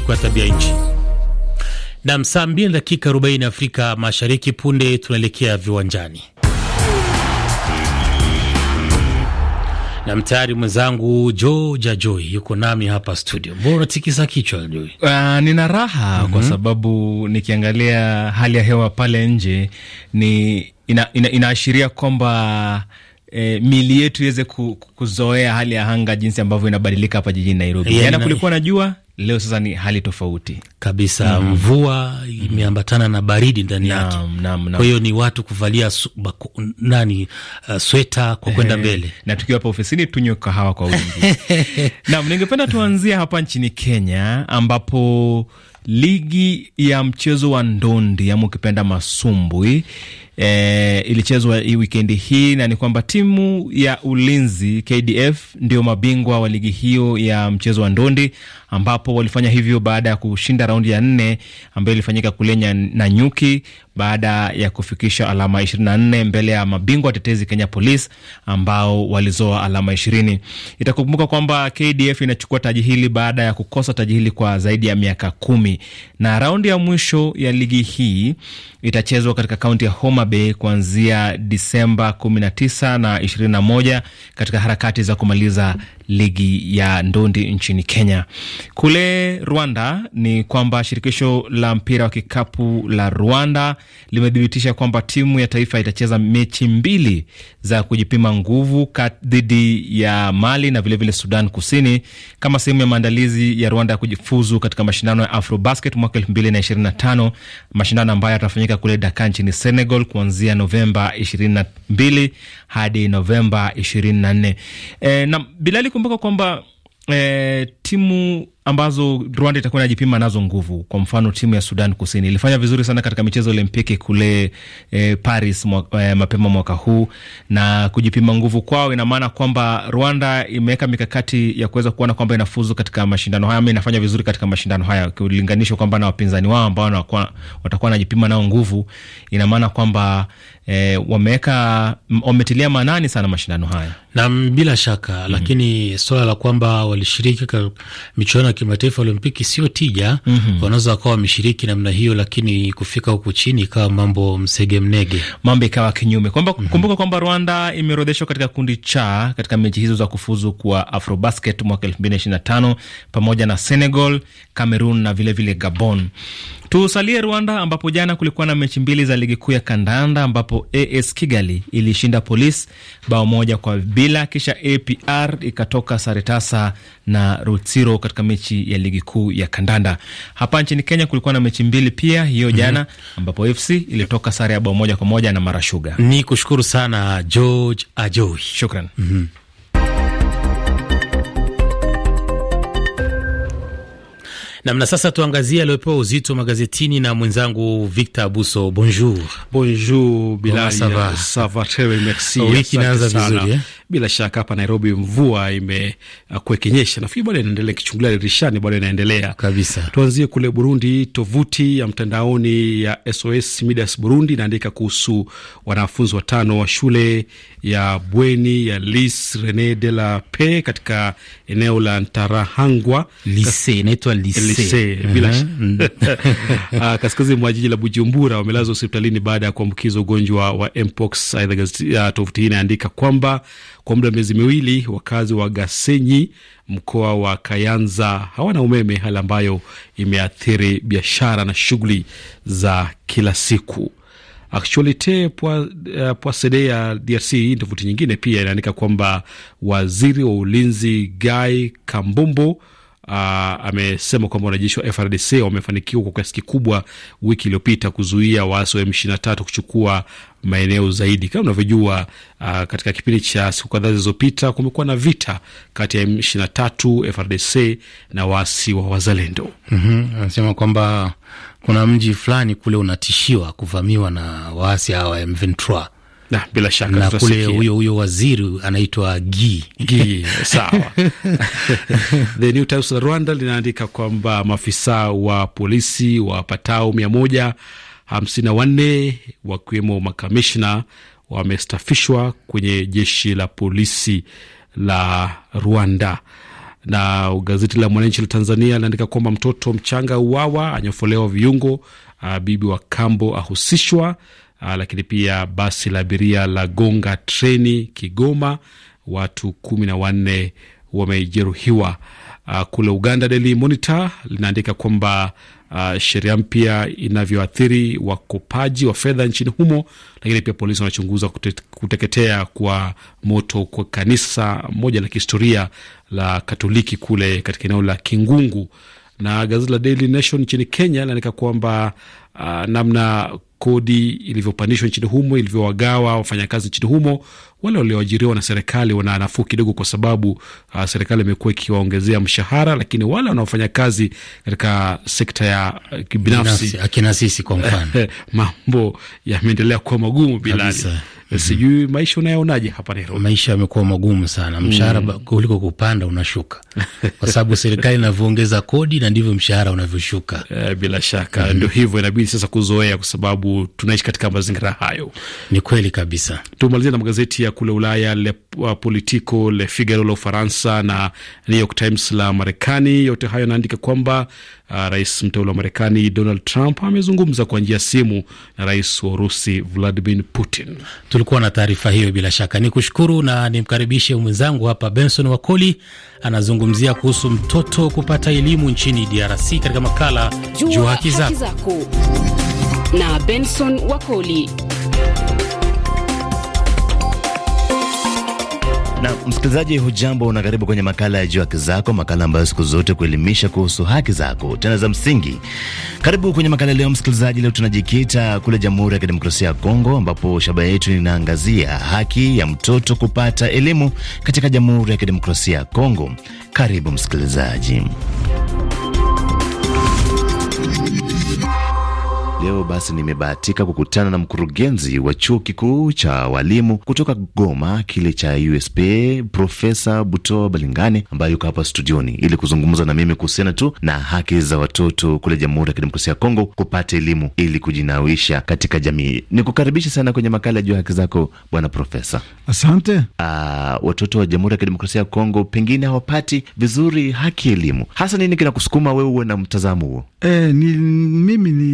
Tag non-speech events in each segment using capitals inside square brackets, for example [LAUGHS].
mabadiliko ya tabia nchi. Nam, saa mbili dakika 40 Afrika Mashariki. Punde tunaelekea viwanjani na mtayari mwenzangu Joja Joi yuko nami hapa studio. Mbona unatikisa kichwa Joi? Uh, ah, nina raha mm -hmm. kwa mhm. sababu nikiangalia hali ya hewa pale nje ni ina, ina, inaashiria kwamba E, eh, mili yetu iweze kuzoea hali ya anga jinsi ambavyo inabadilika hapa jijini Nairobi. Yeah, jana kulikuwa na jua, Leo sasa ni hali tofauti kabisa. mm -hmm. Mvua imeambatana na baridi ndani yake, kwa hiyo ni watu kuvalia su, nani uh, sweta kwa kwenda mbele, na tukiwa hapa ofisini tunywe kahawa kwa wingi [LAUGHS] nam. Ningependa tuanzie hapa nchini Kenya ambapo ligi ya mchezo wa ndondi ama ukipenda masumbwi e, ilichezwa hii wikendi hii, na ni kwamba timu ya Ulinzi KDF ndio mabingwa wa ligi hiyo ya mchezo wa ndondi ambapo walifanya hivyo baada ya kushinda raundi ya nne ambayo ilifanyika kule Nanyuki baada ya kufikisha alama 24 mbele ya mabingwa tetezi Kenya Police ambao walizoa alama 20. Itakumbuka kwamba KDF inachukua taji hili baada ya kukosa taji hili kwa zaidi ya miaka kumi, na raundi ya mwisho ya ligi hii itachezwa katika kaunti ya Homa Bay kuanzia Disemba 19 na 21 katika harakati za kumaliza ligi ya ndondi nchini Kenya. Kule Rwanda ni kwamba shirikisho la mpira wa kikapu la Rwanda limethibitisha kwamba timu ya taifa itacheza mechi mbili za kujipima nguvu dhidi ya Mali na vilevile vile Sudan Kusini kama sehemu ya maandalizi ya Rwanda ya kujifuzu katika mashindano ya Afrobasket mwaka elfu mbili na ishirini na tano, mashindano ambayo yatafanyika kule Daka nchini Senegal kuanzia Novemba ishirini na mbili hadi Novemba ishirini na nne. E, na Bilali Kumbuka kwamba e, timu ambazo Rwanda itakuwa inajipima nazo nguvu. Kwa mfano, timu ya Sudan Kusini ilifanya vizuri sana katika michezo Olimpiki kule eh, Paris mwa, eh, mapema mwaka huu, na kujipima nguvu kwao ina maana kwamba Rwanda imeweka mikakati ya kuweza kuona kwamba inafuzu katika mashindano haya ama inafanya vizuri katika mashindano haya, ukilinganisha kwamba na wapinzani wao ambao watakuwa wanajipima nao nguvu, ina maana kwamba E, wameweka wametilia maanani sana mashindano haya, nam bila shaka mm -hmm. Lakini swala la kwamba walishiriki michuano kimataifa Olimpiki sio tija mm -hmm. Wanaweza wakawa wameshiriki namna hiyo, lakini kufika huku chini ikawa mambo msege mnege, mambo ikawa kinyume. Mhm. Kumbuka kwamba Rwanda imeorodheshwa katika kundi cha katika mechi hizo za kufuzu kwa Afrobasket mwaka elfu mbili na ishirini na tano pamoja na Senegal, Cameroon na vilevile vile Gabon. Tusalie Rwanda ambapo jana kulikuwa na mechi mbili za ligi kuu ya kandanda ambapo AS Kigali ilishinda Polisi bao moja kwa bila, kisha APR ikatoka sare tasa na Rutsiro katika mechi ya ligi kuu ya kandanda. Hapa nchini Kenya kulikuwa na mechi mbili pia hiyo mhm. jana, ambapo FC ilitoka sare ya bao moja kwa moja na Marashuga. Ni kushukuru sana George Ajoi, shukran. mm -hmm. Namna sasa, tuangazie aliopewa uzito magazetini na mwenzangu Victor Abuso. Bonjour. Bonjour Bilal, merci. Wiki inaanza vizuri eh? Bila shaka hapa Nairobi mvua imekuwa ikinyesha, nafikiri bado inaendelea, kichungulia dirishani bado inaendelea kabisa. Tuanzie kule Burundi. Tovuti ya mtandaoni ya SOS Midas Burundi inaandika kuhusu wanafunzi watano wa shule ya bweni ya Lis Rene de la Paix katika eneo la Ntarahangwa inaitwa lise mhm. bila mm. [LAUGHS] ah, kaskazini mwa jiji la Bujumbura, wamelazwa hospitalini baada ya kuambukizwa ugonjwa wa mpox. Aidha, gazeti ya ah, tovuti hii inaandika kwamba kwa muda wa miezi miwili wakazi wa Gasenyi mkoa wa Kayanza hawana umeme, hali ambayo imeathiri biashara na shughuli za kila siku. Actualite Poisede eh, uh, ya DRC hii nyingine pia inaandika kwamba waziri wa ulinzi Guy Kambombo uh, amesema kwamba wanajeshi wa FRDC wamefanikiwa kwa kiasi kikubwa wiki iliyopita kuzuia waasi wa M23 kuchukua maeneo zaidi. Kama unavyojua, uh, katika kipindi cha siku kadhaa zilizopita kumekuwa na vita kati ya M23 FRDC na waasi wa wazalendo. Mhm, anasema mm -hmm, kwamba kuna mji fulani kule unatishiwa kuvamiwa na waasi hawa M23 na, bila shaka na kule huyo huyo waziri anaitwa Gi Gi, sawa. [LAUGHS] The New Times la Rwanda linaandika kwamba maafisa wa polisi wapatao mia moja hamsini na wanne wakiwemo makamishna wamestafishwa kwenye jeshi la polisi la Rwanda. Na gazeti la Mwananchi la Tanzania linaandika kwamba mtoto mchanga uwawa, anyofolewa viungo, uh, bibi wa kambo ahusishwa, Uh, lakini pia basi la abiria la gonga treni Kigoma, watu kumi na wanne wamejeruhiwa. Uh, Kule Uganda, Daily Monitor linaandika kwamba Uh, sheria mpya inavyoathiri wakopaji wa fedha nchini humo, lakini pia polisi wanachunguza kute, kuteketea kwa moto kwa kanisa moja la kihistoria la Katoliki kule katika eneo la Kingungu. Na gazeti la Daily Nation nchini Kenya linaandika kwamba uh, namna kodi ilivyopandishwa nchini humo ilivyowagawa wafanyakazi nchini humo. Wale walioajiriwa na serikali wana nafuu kidogo, kwa sababu uh, serikali imekuwa ikiwaongezea mshahara, lakini wale wanaofanya kazi katika sekta ya uh, kibinafsi, akina sisi kwa mfano, [LAUGHS] mambo yameendelea kuwa magumu bilali mm -hmm. Sijui maisha unayoonaje hapa Nairobi? Maisha yamekuwa magumu sana, mshahara mm. kuliko kupanda unashuka, [LAUGHS] kwa sababu serikali inavyoongeza kodi na ndivyo mshahara unavyoshuka. E, bila shaka mm -hmm. Ndio hivyo, inabidi sasa kuzoea, kwa sababu tunaishi katika mazingira hayo. Ni kweli kabisa. tumalizie na magazeti ya kule Ulaya, Le Politico, Le Figaro la Ufaransa na New York Times la Marekani. Yote hayo yanaandika kwamba uh, rais mteule wa Marekani Donald Trump amezungumza kwa njia ya simu na rais wa Urusi Vladimir Putin. Tulikuwa na taarifa hiyo bila shaka. Ni kushukuru na nimkaribishe mwenzangu hapa Benson Wakoli, anazungumzia kuhusu mtoto kupata elimu nchini DRC katika makala Jua Haki Zako na Benson Wakoli. Na msikilizaji, hujambo na karibu kwenye makala ya Jua Haki Zako, makala ambayo siku zote kuelimisha kuhusu haki zako tena za msingi. Karibu kwenye makala leo msikilizaji. Leo tunajikita kule Jamhuri ya Kidemokrasia ya Kongo, ambapo shaba yetu inaangazia haki ya mtoto kupata elimu katika Jamhuri ya Kidemokrasia ya Kongo. Karibu msikilizaji. Leo basi nimebahatika kukutana na mkurugenzi wa chuo kikuu cha walimu kutoka Goma kile cha USP Profesa Butoa Balingane ambaye yuko hapa studioni ili kuzungumza na mimi kuhusiana tu na haki za watoto kule Jamhuri ya Kidemokrasia ya Kongo kupata elimu ili kujinawisha katika jamii. Nikukaribisha sana kwenye makala juu ya haki zako bwana profesa. Asante. Aa, ah, watoto wa Jamhuri ya Kidemokrasia ya Kongo pengine hawapati vizuri haki elimu, hasa nini kinakusukuma wewe uwe na mtazamo huo? E, ni, mimi ni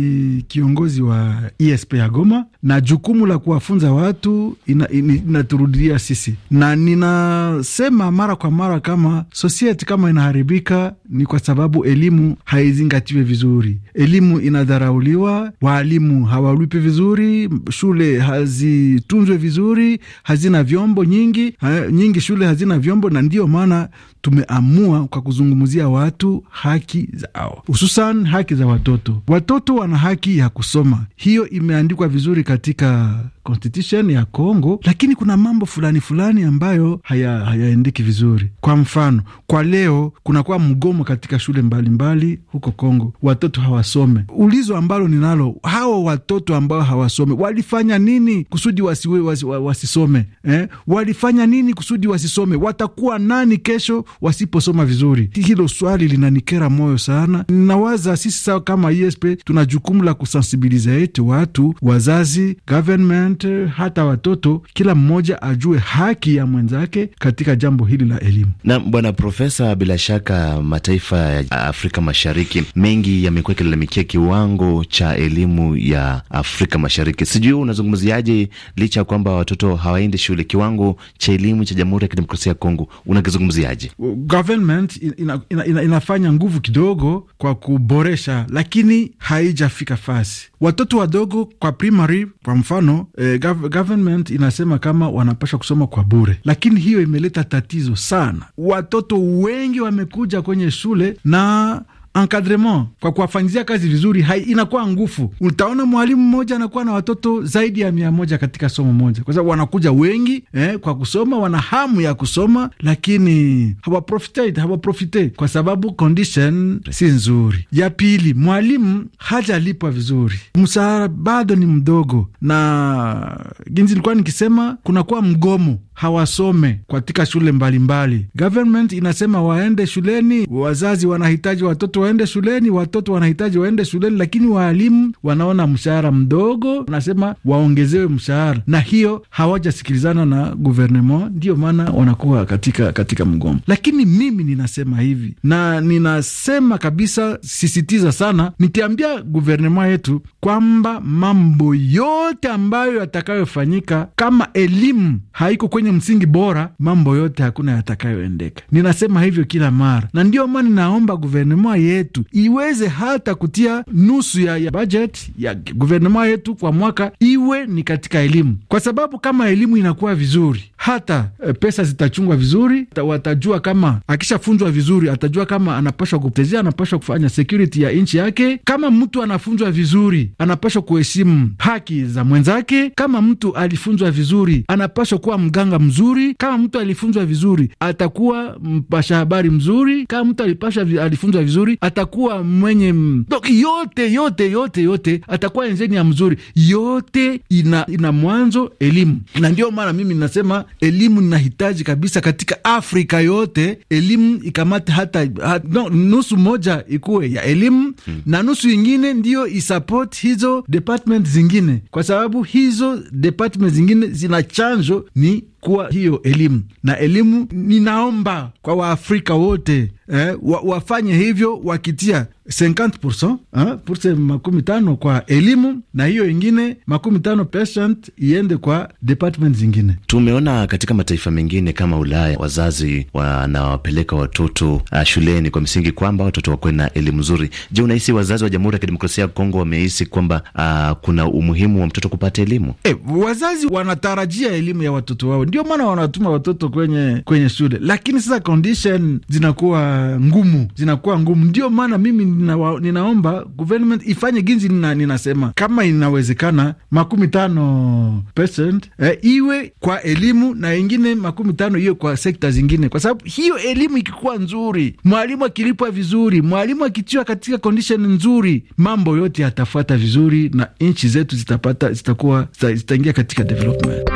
kiongozi wa ESP ya Goma, na jukumu la kuwafunza watu inaturudia ina, ina sisi, na ninasema mara kwa mara kama society kama inaharibika ni kwa sababu elimu haizingatiwe vizuri, elimu inadharauliwa, waalimu hawalipi vizuri, shule hazitunzwe vizuri, hazina vyombo nyingi ha, nyingi shule hazina vyombo, na ndiyo maana tumeamua kwa kuzungumzia watu haki zao, hususan haki za watoto. Watoto wana haki ya kusoma. Hiyo imeandikwa vizuri katika constitution ya congo lakini kuna mambo fulani fulani ambayo hayaendiki haya vizuri. Kwa mfano, kwa leo kunakuwa mgomo katika shule mbalimbali mbali, huko congo watoto hawasome. Ulizo ambalo ninalo, hao watoto ambao hawasome walifanya nini kusudi wasiwe, wasi, wasisome eh? Walifanya nini kusudi wasisome? Watakuwa nani kesho wasiposoma vizuri? Hilo swali linanikera moyo sana. Ninawaza sisi sawa kama ISP tuna jukumu la kusensibiliza yetu watu, wazazi, government wote, hata watoto, kila mmoja ajue haki ya mwenzake katika jambo hili la elimu. Na bwana profesa, bila shaka mataifa ya Afrika Mashariki mengi yamekuwa yakilalamikia kiwango cha elimu ya Afrika Mashariki. Sijui unazungumziaje, licha ya kwamba watoto hawaendi shule, kiwango cha elimu cha Jamhuri ya Kidemokrasia ya Kongo unakizungumziaje? Government ina, ina, ina, inafanya nguvu kidogo kwa kuboresha, lakini haijafika fasi watoto wadogo kwa primary kwa mfano eh, government inasema kama wanapasha kusoma kwa bure, lakini hiyo imeleta tatizo sana. Watoto wengi wamekuja kwenye shule na encadrement kwa kuwafanyizia kazi vizuri hai, inakuwa ngufu. Utaona mwalimu mmoja anakuwa na watoto zaidi ya mia moja katika somo moja, kwa sababu wanakuja wengi eh, kwa kusoma, wana hamu ya kusoma, lakini hawaprofite hawaprofite kwa sababu condition si nzuri. Ya pili, mwalimu hajalipwa vizuri, mshahara bado ni mdogo, na ginzi nilikuwa nikisema kunakuwa mgomo hawasome katika shule mbalimbali mbali. Government inasema waende shuleni, wazazi wanahitaji watoto waende shuleni, watoto wanahitaji waende shuleni, lakini waalimu wanaona mshahara mdogo, wanasema waongezewe mshahara, na hiyo hawajasikilizana na guvernema, ndiyo maana wanakuwa katika, katika mgomo. Lakini mimi ninasema hivi na ninasema kabisa, sisitiza sana, nitiambia guvernema yetu kwamba mambo yote ambayo yatakayofanyika kama elimu haiko kwenye kwenye msingi bora, mambo yote hakuna yatakayoendeka. Ninasema hivyo kila mara, na ndiyo maana naomba guvernema yetu iweze hata kutia nusu ya, ya bajet ya guvernema yetu kwa mwaka iwe ni katika elimu, kwa sababu kama elimu inakuwa vizuri hata eh, pesa zitachungwa vizuri, watajua kama akishafunzwa vizuri, atajua kama anapashwa kutezea anapashwa kufanya security ya nchi yake. Kama mtu anafunzwa vizuri, anapashwa kuheshimu haki za mwenzake. Kama mtu alifunzwa vizuri, anapashwa kuwa mganga mzuri. Kama mtu alifunzwa vizuri, atakuwa mpasha habari mzuri. Kama mtu alipasha alifunzwa vizuri, atakuwa mwenye m... yote yote yote yote, atakuwa ya mzuri. Yote ina, ina mwanzo elimu, na ndio maana mimi nasema elimu inahitaji kabisa katika Afrika yote, elimu ikamate hata ha, no, nusu moja ikuwe ya elimu hmm, na nusu ingine ndiyo isupport hizo department zingine, kwa sababu hizo department zingine zina chanjo ni kuwa hiyo elimu na elimu. Ninaomba kwa Waafrika wote eh, wa, wafanye hivyo wakitia 50% eh, purse makumi tano kwa elimu na hiyo ingine makumi tano percent iende kwa department zingine. Tumeona katika mataifa mengine kama Ulaya wazazi wanawapeleka watoto uh, shuleni kwa msingi kwamba watoto wakuwe na elimu nzuri. Je, unahisi wazazi wa Jamhuri ya Kidemokrasia ya Kongo wamehisi kwamba uh, kuna umuhimu wa mtoto kupata elimu? Eh, wazazi wanatarajia elimu ya watoto wao ndio maana wanatuma watoto kwenye kwenye shule, lakini sasa condition zinakuwa ngumu, zinakuwa ngumu. Ndio maana mimi nina, ninaomba government ifanye ginzi nina, ninasema kama inawezekana makumi tano percent eh, iwe kwa elimu na ingine makumi tano iwe kwa sekta zingine, kwa sababu hiyo elimu ikikuwa nzuri, mwalimu akilipwa vizuri, mwalimu akitiwa katika condition nzuri, mambo yote yatafuata vizuri na nchi zetu zitapata, zitakuwa, zitaingia katika development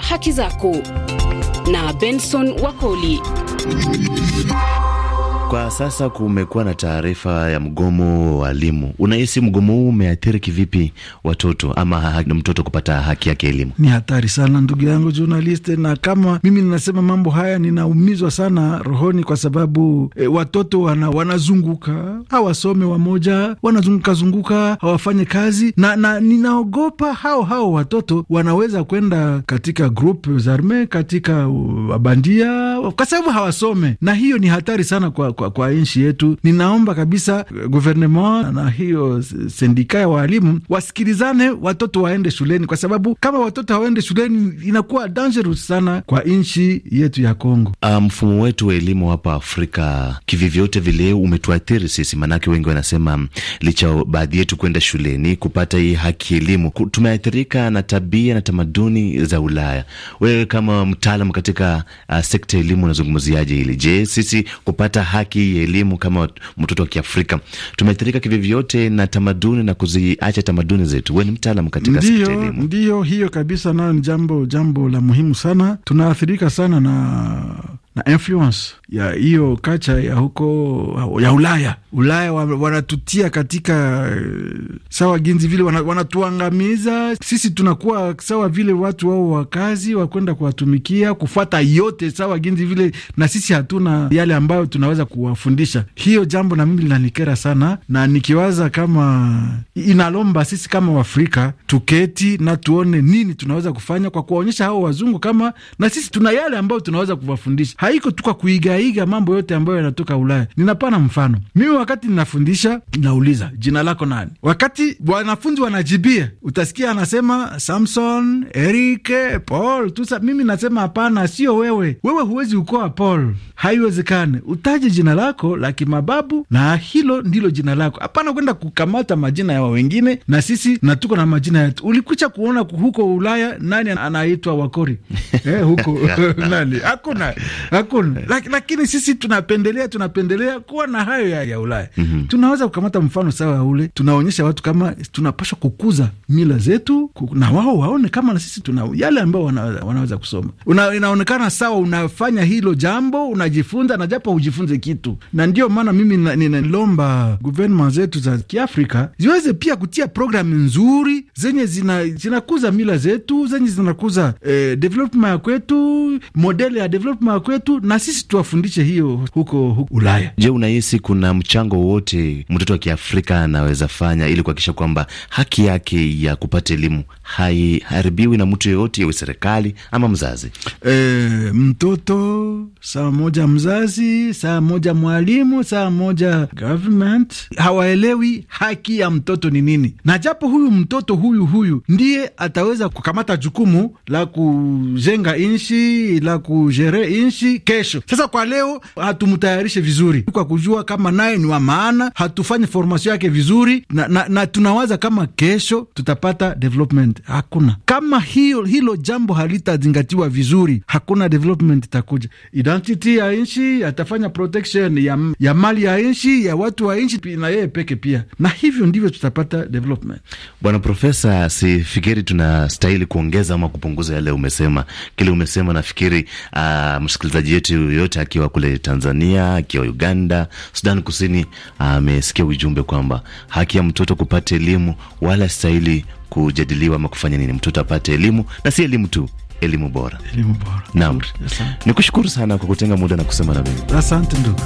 haki zako na Benson Wakoli. Kwa sasa kumekuwa na taarifa ya mgomo wa walimu Unahisi mgomo huu umeathiri kivipi watoto ama mtoto kupata haki yake elimu? Ni hatari sana ndugu yangu journalist, na kama mimi ninasema mambo haya ninaumizwa sana rohoni, kwa sababu e, watoto wana, wanazunguka hawasome, wamoja wanazungukazunguka hawafanye kazi na, na ninaogopa hao hao watoto wanaweza kwenda katika grup za arme katika wabandia, uh, kwa sababu hawasome, na hiyo ni hatari sana kwa kwa, kwa nchi yetu. Ninaomba kabisa eh, gouvernement na hiyo sendika ya waalimu wasikilizane, watoto waende shuleni, kwa sababu kama watoto hawaende shuleni inakuwa dangerous sana kwa nchi yetu ya Kongo. Ah, mfumo um, wetu wa elimu hapa Afrika kivivyote vile umetuathiri sisi, maanake wengi wanasema licha baadhi yetu kwenda shuleni kupata hii haki elimu, tumeathirika na tabia na tamaduni za Ulaya. Wewe kama mtaalam katika uh, sekta ya elimu unazungumziaje hili? Je, sisi kupata haki haki ya elimu kama mtoto wa Kiafrika. Tumeathirika kivyovyote na tamaduni na kuziacha tamaduni zetu. Wewe ni mtaalamu katika sekta ya elimu. Ndio hiyo kabisa, nayo ni jambo jambo la muhimu sana. Tunaathirika sana na na influence ya hiyo kacha ya huko ya Ulaya. Ulaya wanatutia katika eh, sawa ginzi vile, wanatuangamiza sisi, tunakuwa sawa vile watu wao wakazi wakwenda kuwatumikia kufuata yote sawa ginzi vile, na sisi hatuna yale ambayo tunaweza kuwafundisha. Hiyo jambo na mimi linanikera sana, na nikiwaza kama inalomba sisi kama Waafrika tuketi na tuone nini tunaweza kufanya kwa kuwaonyesha hao wazungu kama na sisi tuna yale ambayo tunaweza kuwafundisha, haiko tuka kuiga tunaiga mambo yote ambayo yanatoka Ulaya. Ninapana mfano mimi, wakati ninafundisha nauliza jina lako nani, wakati wanafunzi wanajibia, utasikia anasema Samson, Eric, Paul tusa. Mimi nasema hapana, sio wewe. Wewe huwezi ukoa Paul, haiwezekani Utaje jina lako la kimababu na hilo ndilo jina lako, hapana kwenda kukamata majina ya wengine, na sisi na tuko na majina yetu. Ulikucha kuona huko Ulaya nani anaitwa Wakori [LAUGHS] eh, huko [LAUGHS] [LAUGHS] nani? Hakuna, hakuna lakini sisi tunapendelea tunapendelea kuwa na hayo ya, ya Ulaya mm -hmm. Tunaweza kukamata mfano sawa ule, tunaonyesha watu kama tunapashwa kukuza mila zetu, na wao waone kama na sisi tuna yale ambayo wanaweza, wanaweza kusoma. Una, inaonekana sawa, unafanya hilo jambo unajifunza, na japo hujifunze kitu, na ndio maana mimi ninalomba guvernment zetu za Kiafrika ziweze pia kutia programu nzuri zenye zinakuza zina mila zetu zenye zinakuza eh, development ya kwetu, modele ya development ya kwetu, na sisi tuwafunza wafundishe hiyo huko, huko Ulaya. Je, unahisi kuna mchango wote mtoto wa Kiafrika anaweza fanya ili kuhakikisha kwamba haki yake ya kupata elimu haiharibiwi na mtu yoyote, iwe serikali ama mzazi? E, mtoto saa moja mzazi, saa moja mwalimu, saa moja government. Hawaelewi haki ya mtoto ni nini, na japo huyu mtoto huyu huyu ndiye ataweza kukamata jukumu la kujenga nchi la kujere nchi kesho. Sasa kwa leo hatumtayarishe vizuri kwa kujua kama naye ni wa maana, hatufanye formation yake vizuri na, na, na tunawaza kama kesho tutapata development. Hakuna kama hiyo, hilo jambo halitazingatiwa vizuri, hakuna development itakuja. Identity ya nchi atafanya protection ya, ya mali ya nchi ya watu wa nchi na yeye peke pia, na hivyo ndivyo tutapata development. Bwana Profesa, sifikiri tunastahili kuongeza ama kupunguza yale umesema, kile umesema. Nafikiri uh, msikilizaji yetu yoyote akiwa kule Tanzania, akiwa Uganda, Sudan Kusini, amesikia ujumbe kwamba haki ya mtoto kupata elimu wala stahili kujadiliwa ama kufanya nini. Mtoto apate elimu na si elimu tu, elimu bora, elimu bora. Naam, ni kushukuru sana kwa kutenga muda na kusema na mimi, asante ndugu.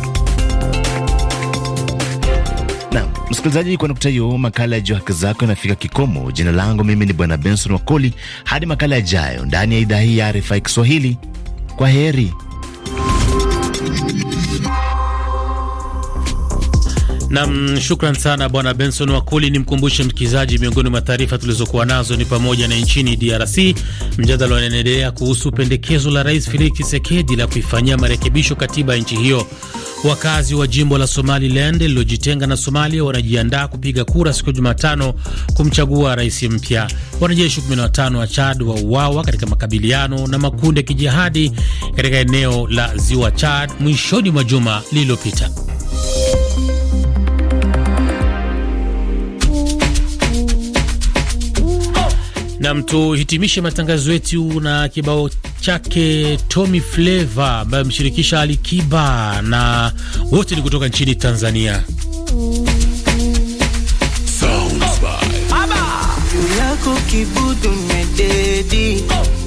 Na msikilizaji, kwa nukta hiyo, makala ya Jua Haki Zako inafika kikomo. Jina langu mimi ni Bwana Benson Wakoli. Hadi makala yajayo ndani ya idhaa hii ya RFI Kiswahili, kwa heri. Nam, shukran sana bwana Benson Wakuli. Ni mkumbushe msikilizaji, miongoni mwa taarifa tulizokuwa nazo ni pamoja na nchini DRC mjadala unaendelea kuhusu pendekezo la Rais Felix Tshisekedi la kuifanyia marekebisho katiba ya nchi hiyo. Wakazi wa jimbo la Somaliland lililojitenga na Somalia wanajiandaa kupiga kura siku ya Jumatano kumchagua rais mpya. Wanajeshi 15 wa Chad wa uwawa katika makabiliano na makundi ya kijihadi katika eneo la ziwa Chad mwishoni mwa juma lililopita. Nam, tuhitimishe matangazo yetu na kibao chake Tommy Flava ambaye ameshirikisha Alikiba na wote ni kutoka nchini Tanzania.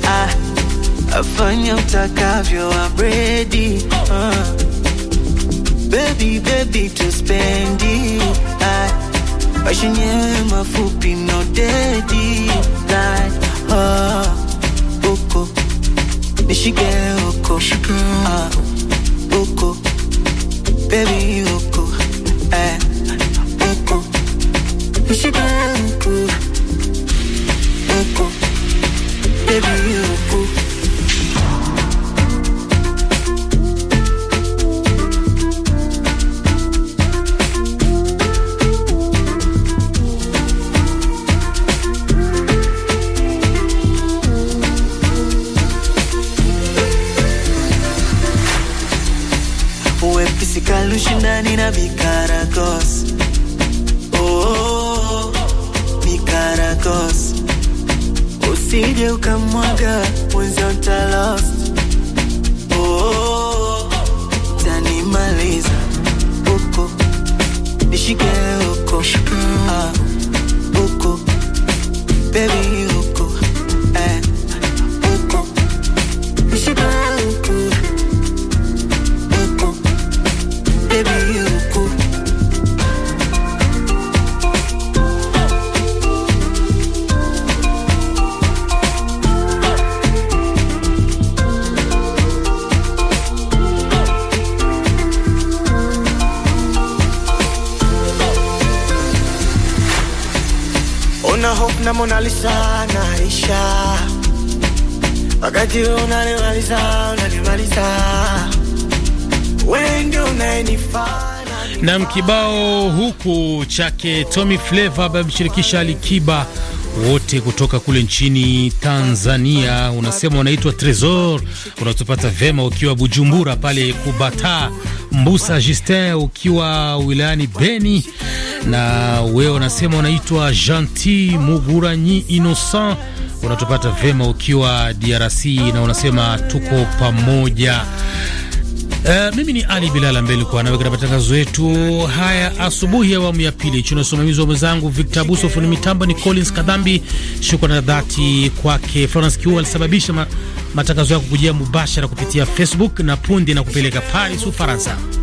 Ah, afanya utakavyo wa bredi ah, baby baby tuspendi ah, Mashine mafupi no dedi like oh oko nishike oko ah oko ah, baby oko eh oko nishike oko vikali ushindani na vikaragosi oh, vikaragosi usije ukamwaga mwenzio talost oh, tanimaliza huko nishike huko ah, bebi na Mona Lisa naisha, wakati wewe unanimaliza, unanimaliza wewe ndio unayenifaa na mkibao huku chake Tommy Flavor ambaye amshirikisha Alikiba wote kutoka kule nchini Tanzania, unasema unaitwa Tresor, unatupata vema ukiwa Bujumbura pale Kubata. Mbusa Justin ukiwa wilayani Beni, na wewe unasema unaitwa Gentil Muguranyi Innocent, unatupata vema ukiwa DRC na unasema tuko pamoja. Eh, mimi ni Ali Bilala ambaye kwa nawe katika matangazo yetu haya asubuhi ya awamu ya pili, chini usimamizi wa mwenzangu Victor Buso, fundi mitambo ni Collins Kadhambi. Shukrani na dhati kwake Florence Kiu alisababisha ma, matangazo yako kujia mubashara kupitia Facebook na punde na kupeleka Paris, Ufaransa.